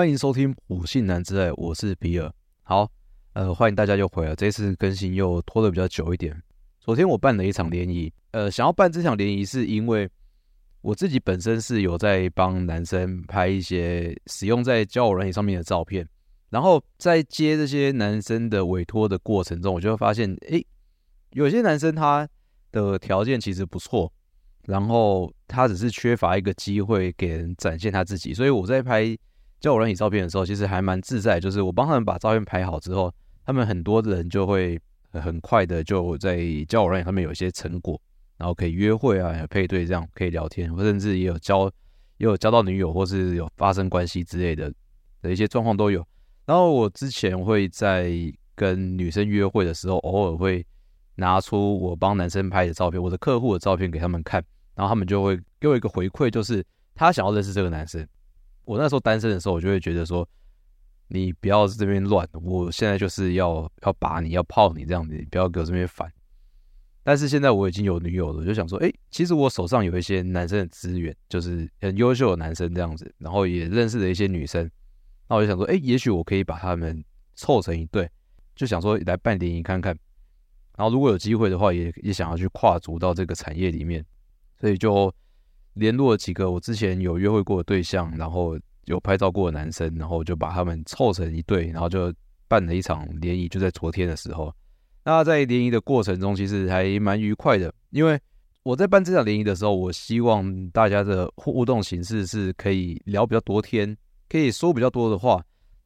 歡迎收聽《普信男之愛》，我是比爾。好，呃，歡迎大家又回來。這次更新又拖得比較久一點。昨天我辦了一場聯誼，呃，想要辦這場聯誼是因為我自己本身是有在幫男生拍一些使用在交友軟體上面的照片。然後在接這些男生的委託的過程中，我就會發現，誒，有些男生他的條件其實不錯，然後他只是缺乏一個機會給人展現他自己。所以我在拍。教我交友軟體照片的時候，其實還蠻自在。就是我幫他們把照片拍好之後，他們很多人就會很快的就在教我交友軟體，他們有一些成果，然後可以約會啊、配對這樣，可以聊天，甚至也有交，也有交到女友或是有發生關係之類的的一些狀況都有。然後我之前會在跟女生約會的時候，偶爾會拿出我幫男生拍的照片，我的客戶的照片給他們看，然後他們就會給我一個回饋，就是他想要認識這個男生。我那時候單身的時候，我就會覺得說，你不要這邊亂，我現在就是要要把你要泡你這樣子，你不要給我這邊煩。但是現在我已經有女友了，我就想說，誒、欸，其實我手上有一些男生的資源，就是很優秀的男生這樣子，然後也認識了一些女生，那我就想說，誒、欸，也許我可以把他們湊成一對，就想說來辦聯誼看看。然後如果有機會的話，也也想要去跨足到這個產業裡面，所以就。聯絡了幾個我之前有約會過的對象，然後有拍照過的男生，然後就把他們湊成一對，然後就辦了一場聯誼，就在昨天的時候。那在聯誼的過程中，其實還蠻愉快的，因為我在辦這場聯誼的時候，我希望大家的互動形式是可以聊比較多天，可以說比較多的話，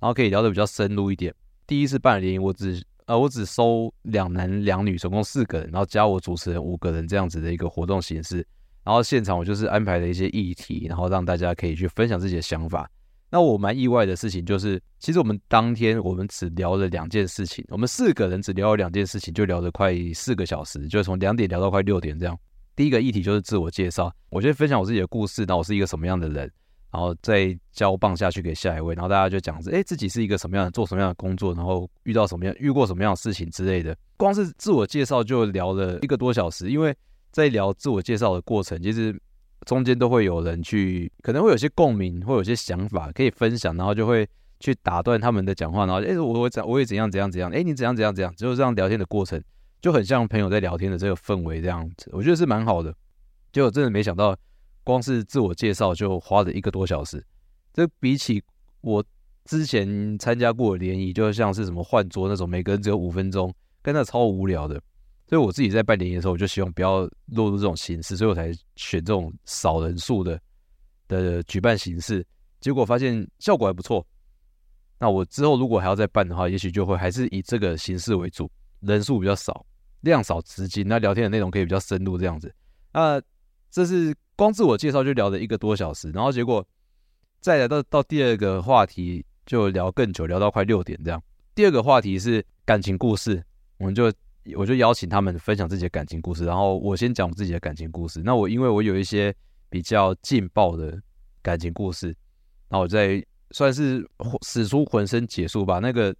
然後可以聊得比較深入一點。第一次辦了聯誼，我只呃我只收兩男兩女，總共四個人，然後加我主持人五個人，這樣子的一個活動形式。然後現場我就是安排了一些議題，然後讓大家可以去分享自己的想法。那我蠻意外的事情就是，其實我們當天我們只聊了兩件事情，我們四個人只聊了兩件事情，就聊了快四個小時，就是從兩點聊到快六點這樣。第一個議題就是自我介紹，我先分享我自己的故事，然後我是一個什麼樣的人，然後再交棒下去給下一位，然後大家就講，哎，自己是一個什麼樣的，做什麼樣的工作，然後遇到什麼樣，遇過什麼樣的事情之類的。光是自我介紹就聊了一個多小時，因為。在聊自我介紹的過程，其實中間都會有人去，可能會有些共鳴，會有些想法可以分享，然後就會去打斷他們的講話，然後哎、欸，我怎，我會怎樣怎樣怎樣，哎、欸，你怎樣怎樣怎樣，只有這樣聊天的過程，就很像朋友在聊天的這個氛圍這樣子，我覺得是蠻好的。就真的沒想到，光是自我介紹就花了一個多小時，這比起我之前參加過聯誼，就像是什麼換桌那種，每個人只有五分鐘，真的超無聊的。所以我自己在辦聯誼的時候，我就希望不要落入這種形式，所以我才選這種少人數的的舉辦形式，結果發現效果還不錯。那我之後如果還要再辦的話，也許就會還是以這個形式為主，人數比較少，量少資金，那聊天的內容可以比較深入這樣子。那這是光自我介紹就聊了一個多小時，然後結果再來到到第二個話題就聊更久，聊到快六點這樣。第二個話題是感情故事，我們就，我就邀請他們分享自己的感情故事，然後我先講我自己的感情故事。那我因為我有一些比較勁爆的感情故事，那我在，算是使出渾身解數，把那個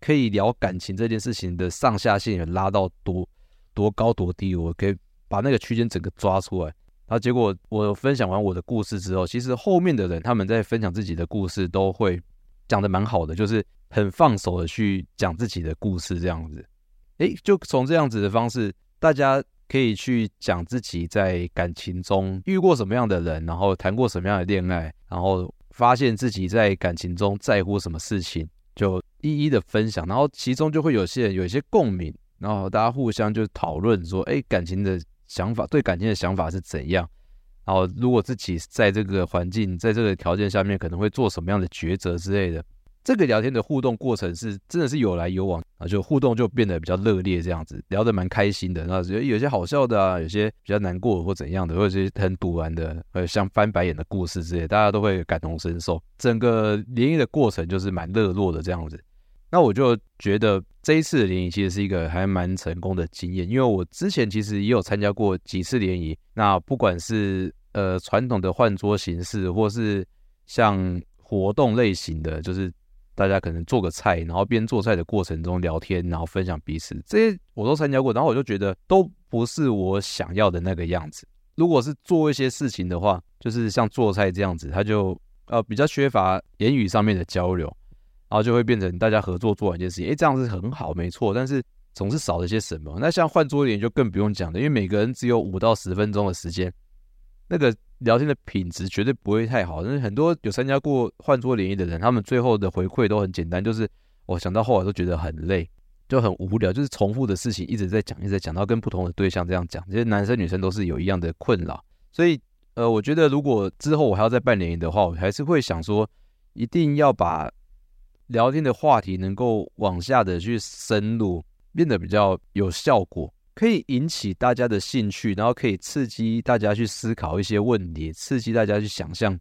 可以聊感情這件事情的上下限也拉到多多高多低，我可以把那個區間整個抓出來。然後結果我分享完我的故事之後，其實後面的人他們在分享自己的故事都會講的蠻好的，就是很放手的去講自己的故事，這樣子。哎，就從這樣子的方式，大家可以去講自己在感情中遇過什麼樣的人，然後談過什麼樣的戀愛，然後發現自己在感情中在乎什麼事情，就一一的分享。然後其中就會有些人有一些共鳴，然後大家互相就討論說，哎，感情的想法，對感情的想法是怎樣？然後如果自己在這個環境、在這個條件下面，可能會做什麼樣的抉擇之類的。這個聊天的互動過程是真的是有來有往啊，就互動就變得比較熱烈這樣子，聊得蠻開心的。那覺得有些好笑的啊，有些比較難過的或怎樣的，或者是很賭爛的，像翻白眼的故事之類，大家都會感同身受。整個聯誼的過程就是蠻熱絡的這樣子。那我就覺得這一次的聯誼其實是一個還蠻成功的經驗，因為我之前其實也有參加過幾次聯誼。那不管是呃傳統的換桌形式，或是像活動類型的，就是。大家可能做個菜，然後邊做菜的過程中聊天，然後分享彼此。這些我都參加過，然後我就覺得都不是我想要的那個樣子。如果是做一些事情的話，就是像做菜這樣子，他就呃比較缺乏言語上面的交流，然後就會變成大家合作做一件事情，哎、欸，這樣是很好，沒錯，但是總是少了些什麼。那像換桌點就更不用講了，因為每個人只有五到十分鐘的時間，那個。聊天的品質絕對不會太好，但是很多有參加過換桌聯誼的人，他們最後的回饋都很簡單，就是我想到後來都覺得很累，就很無聊，就是重複的事情一直在講，一直在講，到跟不同的對象這樣講，其實男生女生都是有一樣的困擾。所以，呃，我覺得如果之後我還要再辦聯誼的話，我還是會想說，一定要把聊天的話題能夠往下的去深入，變得比較有效果。可以引起大家的興趣，然後可以刺激大家去思考一些問題，刺激大家去想象，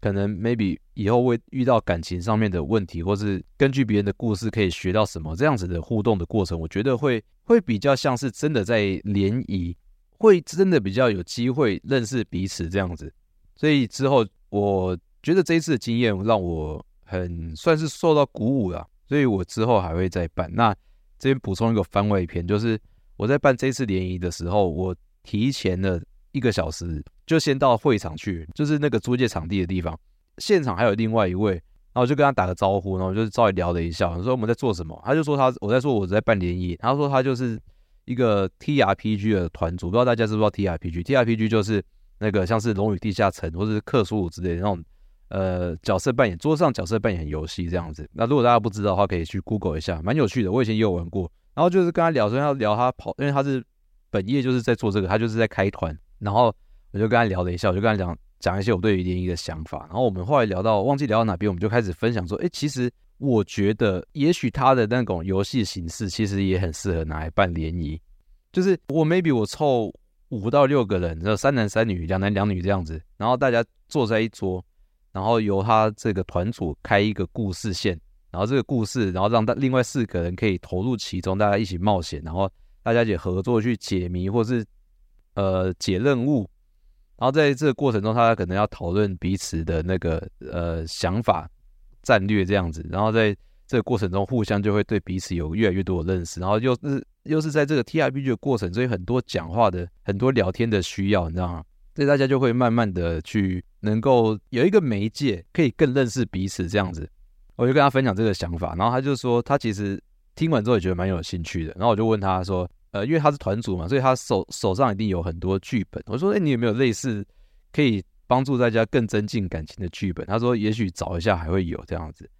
可能 maybe 以後會遇到感情上面的問題，或是根據別人的故事可以學到什麼，這樣子的互動的過程，我覺得會會比較像是真的在聯誼，會真的比較有機會認識彼此這樣子。所以之後我覺得這一次的經驗讓我很算是受到鼓舞啦，所以我之後還會再辦。那這邊補充一個番外篇，就是。我在辦這次聯誼的時候，我提前了一個小時就先到會場去，就是那個租借場地的地方。現場還有另外一位，然後我就跟他打個招呼，然後我就稍微聊了一下，說我們在做什麼。他就說他我在說我在辦聯誼，他說他就是一個 T R P G 的團組，不知道大家知不知道 T R P G？T R P G 就是那個像是龍與地下城或者是克蘇魯之類的那種呃角色扮演桌上角色扮演遊戲遊戲這樣子。那如果大家不知道的話，可以去 Google 一下，蠻有趣的。我以前也有玩過。然後就是跟他聊說要聊他跑，因為他是本業就是在做這個，他就是在開團。然後我就跟他聊了一下，我就跟他講講一些我對於聯誼的想法。然後我們後來聊到忘記聊到哪邊，我們就開始分享說，哎，其實我覺得也許他的那種遊戲形式其實也很適合拿來辦聯誼，就是我 maybe 我湊五到六個人，然後三男三女、兩男兩女這樣子，然後大家坐在一桌，然後由他這個團組開一個故事線。然後這個故事，然後讓大另外四個人可以投入其中，大家一起冒險，然後大家一起合作去解謎，或是呃解任務。然後在這個過程中，大家可能要討論彼此的那個呃想法、戰略這樣子。然後在這個過程中，互相就會對彼此有越來越多的認識。然後又是又是在這個 TRPG 的過程，所以很多講話的、很多聊天的需要，你知道嗎？所以大家就會慢慢的去能夠有一個媒介，可以更認識彼此這樣子。我就跟他分享這個想法，然後他就說他其實聽完之後也覺得蠻有興趣的。然後我就問他說：“呃，因為他是團主嘛，所以他手手上一定有很多劇本。”我說：“誒，你有沒有類似可以幫助大家更增進感情的劇本？”他說：“也許找一下還會有這樣子。”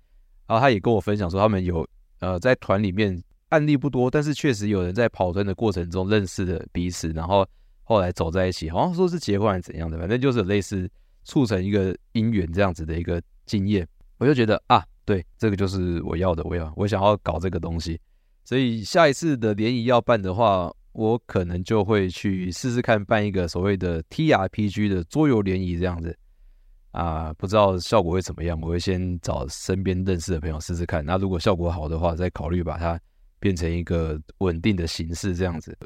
然後他也跟我分享說，他們有呃在團裡面案例不多，但是確實有人在跑團的過程中認識了彼此，然後後來走在一起，好像說是結婚還是怎樣的，反正就是有類似促成一個姻緣這樣子的一個經驗。我就覺得啊。對，這個就是我要的，我要我想要搞這個東西，所以下一次的聯誼要辦的話，我可能就會去試試看辦一個所謂的 TRPG 的桌遊聯誼這樣子啊，不知道效果會怎麼樣，我會先找身邊認識的朋友試試看。那如果效果好的話，再考慮把它變成一個穩定的形式這樣子。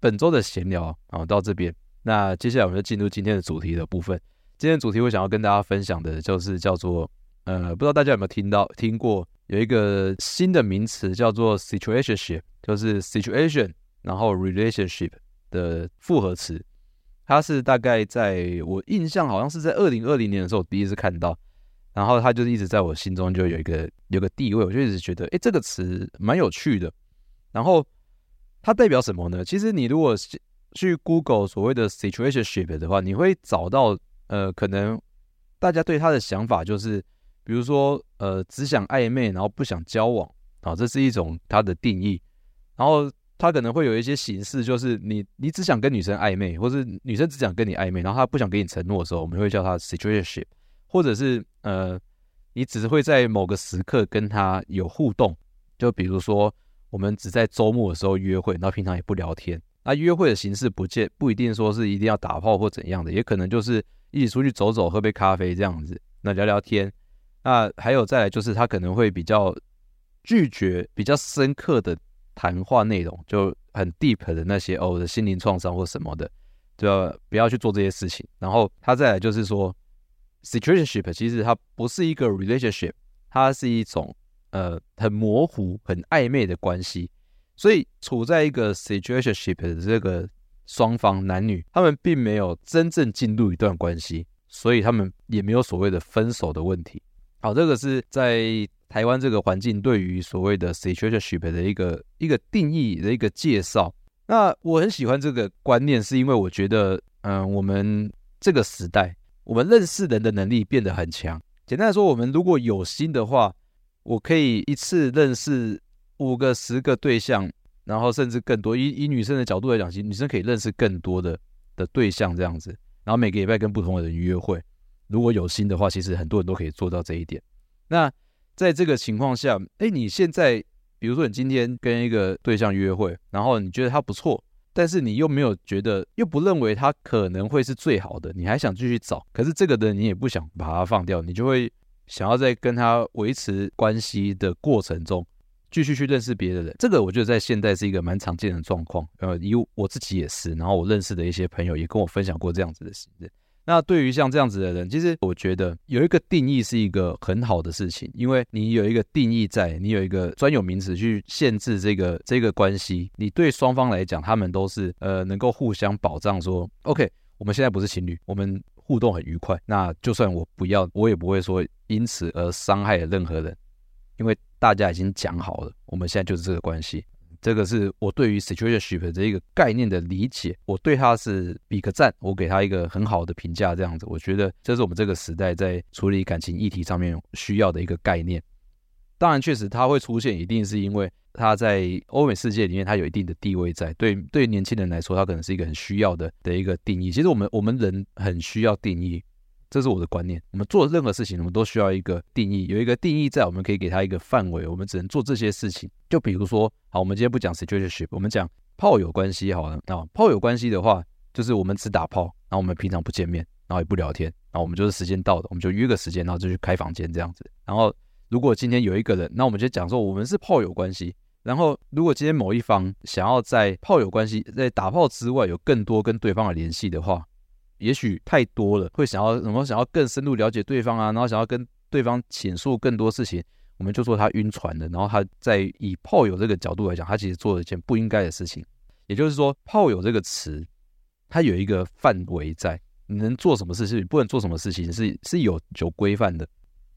本周的閒聊啊，到這邊，那接下來我們就進入今天的主題的部分。今天的主題我想要跟大家分享的就是叫做。呃、嗯，不知道大家有沒有聽到、聽過有一個新的名詞叫做 “situationship”，就是 “situation” 然後 “relationship” 的複合詞。它是大概在我印象，好像是在二零二零年的時候我第一次看到，然後它就是一直在我心中就有一個有一個地位，我就一直覺得，哎，這個詞蠻有趣的。然後它代表什麼呢？其實你如果去 Google 所謂的 “situationship” 的話，你會找到呃，可能大家對它的想法就是。比如說，呃，只想曖昧，然後不想交往，啊、哦，這是一種它的定義。然後，他可能會有一些形式，就是你，你只想跟女生曖昧，或是女生只想跟你曖昧，然後她不想給你承諾的時候，我們會叫她 situationship。或者是，呃，你只是會在某個時刻跟她有互動，就比如說，我們只在周末的時候約會，然後平常也不聊天。那約會的形式不見不一定說是一定要打炮或怎樣的，也可能就是一起出去走走，喝杯咖啡這樣子，那聊聊天。那還有再來就是他可能會比較拒絕比較深刻的談話內容，就很 deep 的那些哦的心靈創傷或什麼的，就不要去做這些事情。然後他再來就是說，situationship 其實它不是一個 relationship，它是一種呃很模糊、很曖昧的關係。所以處在一個 situationship 的這個雙方男女，他們並沒有真正進入一段關係，所以他們也沒有所謂的分手的問題。好，這個是在台灣這個環境對於所謂的 situationship 的一個一個定義的一個介紹。那我很喜歡這個觀念，是因為我覺得，嗯，我們這個時代，我們認識人的能力變得很強。簡單來說，我們如果有心的話，我可以一次認識五個、十個對象，然後甚至更多。以以女生的角度來講，其實女生可以認識更多的的對象，這樣子，然後每個禮拜跟不同的人約會。如果有心的話，其實很多人都可以做到這一點。那在這個情況下，誒，你現在比如說你今天跟一個對象約會，然後你覺得他不錯，但是你又沒有覺得，又不認為他可能會是最好的，你還想繼續找，可是這個的你也不想把他放掉，你就會想要在跟他維持關係的過程中繼續去認識別的人。這個我覺得在現在是一個蠻常見的狀況。呃，因為我自己也是，然後我認識的一些朋友也跟我分享過這樣子的事情。那對於像這樣子的人，其實我覺得有一個定義是一個很好的事情，因為你有一個定義在，你有一個專有名詞去限制這個這個關係。你對雙方來講，他們都是呃能夠互相保障說，OK，我們現在不是情侶，我們互動很愉快。那就算我不要，我也不會說因此而傷害了任何人，因為大家已經講好了，我們現在就是這個關係。這個是我對於 situationship 這一個概念的理解，我對他是比個讚，我給他一個很好的評價，這樣子，我覺得這是我們這個時代在處理感情議題上面需要的一個概念。當然，確實它會出現，一定是因為它在歐美世界裡面它有一定的地位在，對對年輕人來說，它可能是一個很需要的的一個定義。其實我們我們人很需要定義。這是我的觀念。我們做任何事情，我們都需要一個定義，有一個定義在，我們可以給它一個範圍，我們只能做這些事情。就比如說，好，我們今天不講 situationship，我們講炮友關係好了。那炮友關係的話，就是我們只打炮，然後我們平常不見面，然後也不聊天，然後我們就是時間到了，我們就約個時間，然後就去開房間這樣子。然後如果今天有一個人，那我們就講說我們是炮友關係。然後如果今天某一方想要在炮友關係在打炮之外有更多跟對方的聯繫的話，也許太多了，會想要什麼？想要更深入了解對方啊，然後想要跟對方傾訴更多事情，我們就說他暈船了。然後他在以炮友這個角度來講，他其實做了一件不應該的事情。也就是說，炮友這個詞，它有一個範圍在，你能做什麼事情，你不能做什麼事情，是是有有規範的。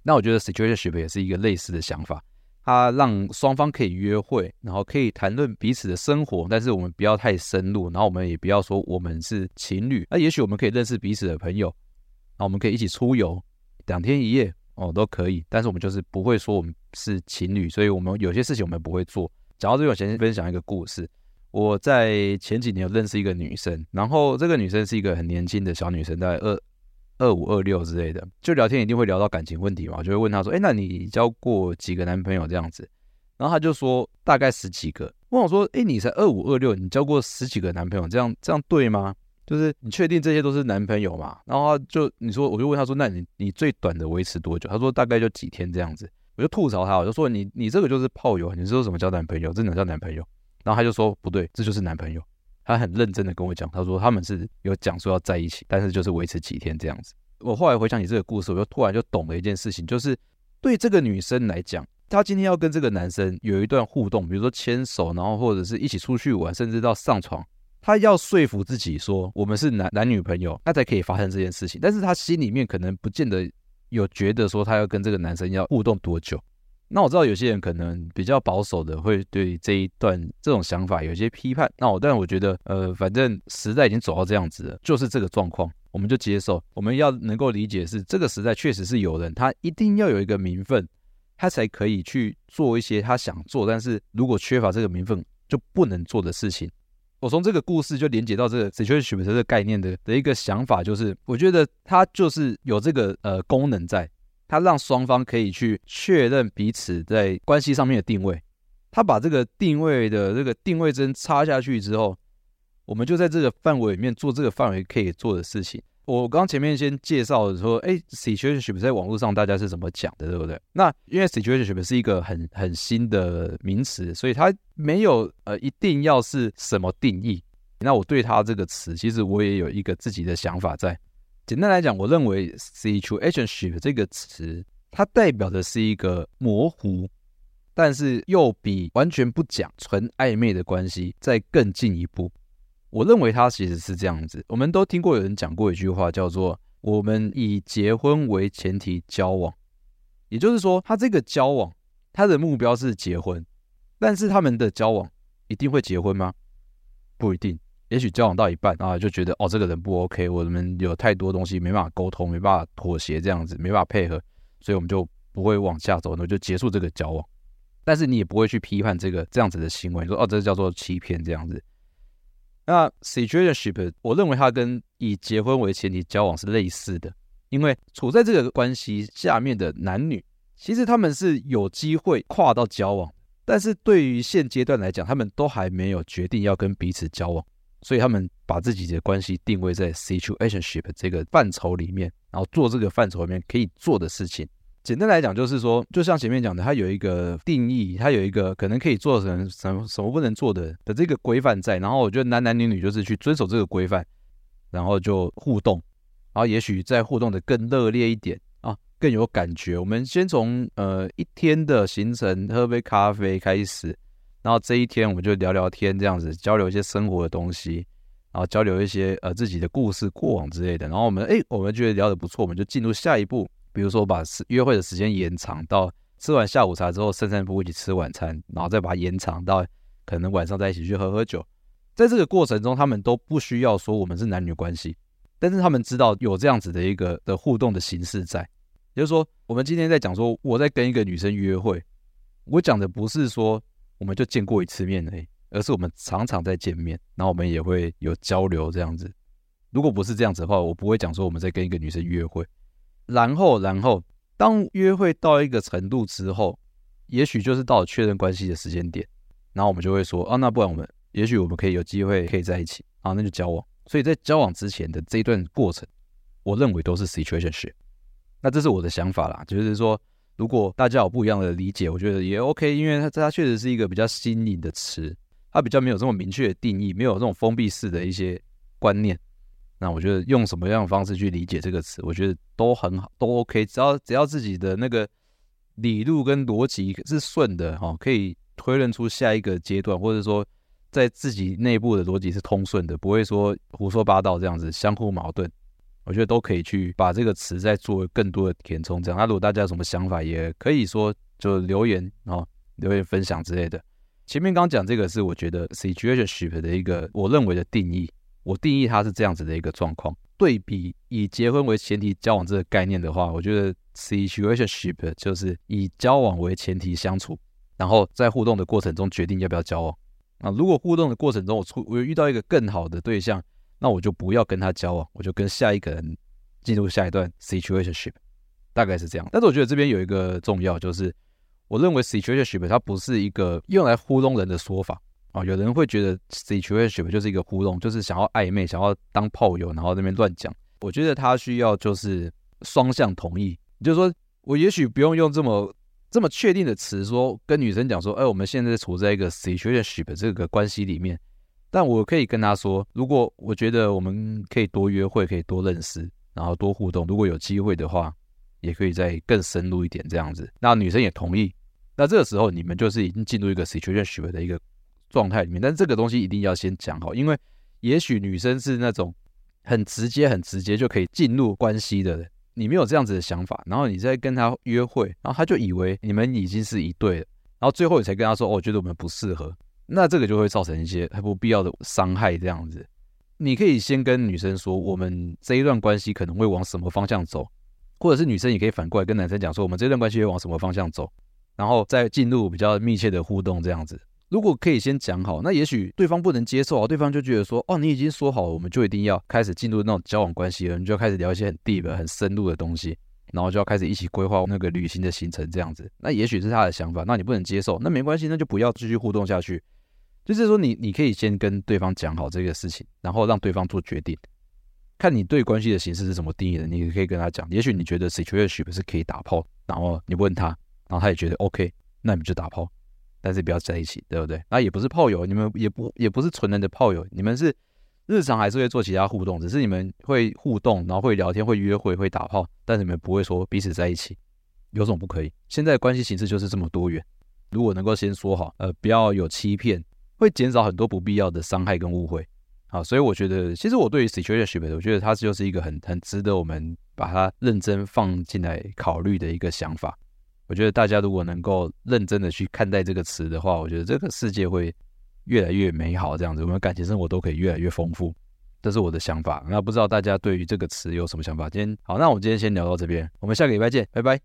那我覺得 situationship 也是一個類似的想法。他讓雙方可以約會，然後可以談論彼此的生活，但是我們不要太深入，然後我們也不要說我們是情侶。那，啊，也許我們可以認識彼此的朋友，然後，啊，我們可以一起出遊，兩天一夜哦，都可以。但是我們就是不會說我們是情侶，所以我們有些事情我們不會做。講到這裡，我先分享一個故事。我在前幾年有認識一個女生，然後這個女生是一個很年輕的小女生，在二。二五二六之類的，就聊天一定會聊到感情問題嘛，我就會問他說：“欸，那你交過幾個男朋友這樣子？”然後他就說：“大概十幾個。”問我說：“欸，你才二五二六，你交過十幾個男朋友，這樣這樣對嗎？就是你確定這些都是男朋友嘛？”然後他就你說，我就問他說：“那你你最短的維持多久？”他說：“大概就幾天這樣子。”我就吐槽他，我就說：“你你這個就是炮友，你說怎麼交男朋友？這哪叫男朋友？”然後他就說：“不對，這就是男朋友。”他很認真的跟我講，他說他們是有講說要在一起，但是就是維持幾天這樣子。我後來回想起這個故事，我就突然就懂了一件事情，就是對這個女生來講，她今天要跟這個男生有一段互動，比如說牽手，然後或者是一起出去玩，甚至到上床，她要說服自己說我們是男男女朋友，那才可以發生這件事情。但是她心裡面可能不見得有覺得說她要跟這個男生要互動多久。那我知道有些人可能比較保守的，會對這一段這種想法有些批判。那我，但我覺得，呃，反正時代已經走到這樣子了，就是這個狀況，我們就接受。我們要能夠理解是這個時代確實是有人，他一定要有一個名分，他才可以去做一些他想做，但是如果缺乏這個名分就不能做的事情。我從這個故事就連接到這個 situationship 這個概念的的一個想法，就是我覺得他就是有這個呃功能在。他讓雙方可以去確認彼此在關係上面的定位。他把這個定位的這個定位針插下去之後，我們就在這個範圍裡面做這個範圍可以做的事情。我剛前面先介紹說，哎，situationship 在網絡上大家是怎麼講的，對不對？那因為 situationship 是一個很很新的名詞，所以它沒有呃一定要是什麼定義。那我對它這個詞，其實我也有一個自己的想法在。簡單來講，我認為 situationship 這個詞，它代表的是一個模糊，但是又比完全不講、純曖昧的關係再更進一步。我認為它其實是這樣子。我們都聽過有人講過一句話，叫做“我們以結婚為前提交往”，也就是說，他這個交往，他的目標是結婚，但是他們的交往一定會結婚嗎？不一定。也許交往到一半啊，就覺得哦，這個人不 OK，我們有太多東西沒辦法溝通，沒辦法妥協，這樣子沒辦法配合，所以我們就不會往下走，那就結束這個交往。但是你也不會去批判這個這樣子的行為，說哦，這叫做欺騙這樣子。那 situationship，我認為它跟以結婚為前提交往是類似的，因為處在這個關係下面的男女，其實他們是有機會跨到交往，但是對於現階段來講，他們都還沒有決定要跟彼此交往。所以他們把自己的關係定位在 situationship 這個範疇裡面，然後做這個範疇裡面可以做的事情。簡單來講，就是說，就像前面講的，它有一個定義，它有一個可能可以做成什麼什麼不能做的的這個規範在。然後我覺得男男女女就是去遵守這個規範，然後就互動，然後也許在互動的更熱烈一點啊，更有感覺。我們先從呃一天的行程喝杯咖啡開始。然後這一天我們就聊聊天，這樣子交流一些生活的東西，然後交流一些呃自己的故事過往之類的。然後我們誒，我們覺得聊得不錯，我們就進入下一步，比如說把約會的時間延長到吃完下午茶之後散散步，一起吃晚餐，然後再把它延長到可能晚上再一起去喝喝酒。在這個過程中，他們都不需要說我們是男女關係，但是他們知道有這樣子的一個的互動的形式在。也就是說，我們今天在講說我在跟一個女生約會，我講的不是說。我們就見過一次面而已，而是我們常常在見面，然後我們也會有交流這樣子。如果不是這樣子的話，我不會講說我們在跟一個女生約會。然後，然後當約會到一個程度之後，也許就是到了確認關係的時間點，然後我們就會說啊、哦，那不然我們也許我們可以有機會可以在一起啊，那就交往。所以在交往之前的這一段過程，我認為都是 situationship。那這是我的想法啦，就是說。如果大家有不一樣的理解，我覺得也 OK，因為它它確實是一個比較新穎的詞，它比較沒有這麼明確的定義，沒有這種封閉式的一些觀念。那我覺得用什麼樣的方式去理解這個詞，我覺得都很好，都 OK。只要只要自己的那個理路跟邏輯是順的哈、哦，可以推論出下一個階段，或者說在自己內部的邏輯是通順的，不會說胡說八道這樣子相互矛盾。我覺得都可以去把這個詞再做更多的填充，這樣。那如果大家有什麼想法，也可以說，就留言啊、哦，留言分享之類的。前面剛講這個是我覺得 situationship 的一個我認為的定義，我定義它是這樣子的一個狀況。對比以結婚為前提交往這個概念的話，我覺得 situationship 就是以交往為前提相處，然後在互動的過程中決定要不要交往。那如果互動的過程中，我出我遇到一個更好的對象。那我就不要跟他交往，我就跟下一個人進入下一段 situationship，大概是這樣。但是我覺得這邊有一個重要，就是我認為 situationship 它不是一個用來糊弄人的說法啊、哦。有人會覺得 situationship 就是一個糊弄，就是想要曖昧，想要當炮友，然後那邊亂講。我覺得他需要就是雙向同意，就是說我也許不用用這麼這麼確定的詞說跟女生講說，哎、欸，我們現在處在一個 situationship 這個關係裡面。但我可以跟他說，如果我覺得我們可以多約會，可以多認識，然後多互動，如果有機會的話，也可以再更深入一點這樣子。那女生也同意，那這個時候你們就是已經進入一個 situationship 的一個狀態裡面。但是這個東西一定要先講好，因為也許女生是那種很直接、很直接就可以進入關係的人，你沒有這樣子的想法，然後你再跟她約會，然後她就以為你們已經是一對了，然後最後你才跟她說，哦，我覺得我們不適合。那這個就會造成一些很不必要的傷害，這樣子，你可以先跟女生說，我們這一段關係可能會往什麼方向走，或者是女生也可以反過來跟男生講說，我們這段關係會往什麼方向走，然後再進入比較密切的互動這樣子。如果可以先講好，那也許對方不能接受啊，對方就覺得說，哦，你已經說好了，我們就一定要開始進入那種交往關係了，你就要開始聊一些很 deep 很深入的東西，然後就要開始一起規劃那個旅行的行程這樣子。那也許是他的想法，那你不能接受，那沒關係，那就不要繼續互動下去。就是說你，你你可以先跟對方講好這個事情，然後讓對方做決定，看你對關係的形式是怎麼定義的。你可以跟他講，也許你覺得 situation 是可以打炮，然後你問他，然後他也覺得 OK，那你們就打炮，但是不要在一起，對不對？那也不是炮友，你們也不也不是純人的炮友，你們是日常還是會做其他互動，只是你們會互動，然後會聊天、會約會、會打炮，但是你們不會說彼此在一起，有什麼不可以？現在關係形式就是這麼多元，如果能夠先說好，呃，不要有欺騙。會減少很多不必要的傷害跟誤會，好，所以我覺得，其實我對於 situationship，我覺得它就是一個很很值得我們把它認真放進來考慮的一個想法。我覺得大家如果能夠認真的去看待這個詞的話，我覺得這個世界會越來越美好，這樣子，我們感情生活都可以越來越豐富。這是我的想法，那不知道大家對於這個詞有什麼想法？今天好，那我們今天先聊到這邊，我們下個禮拜見，拜拜。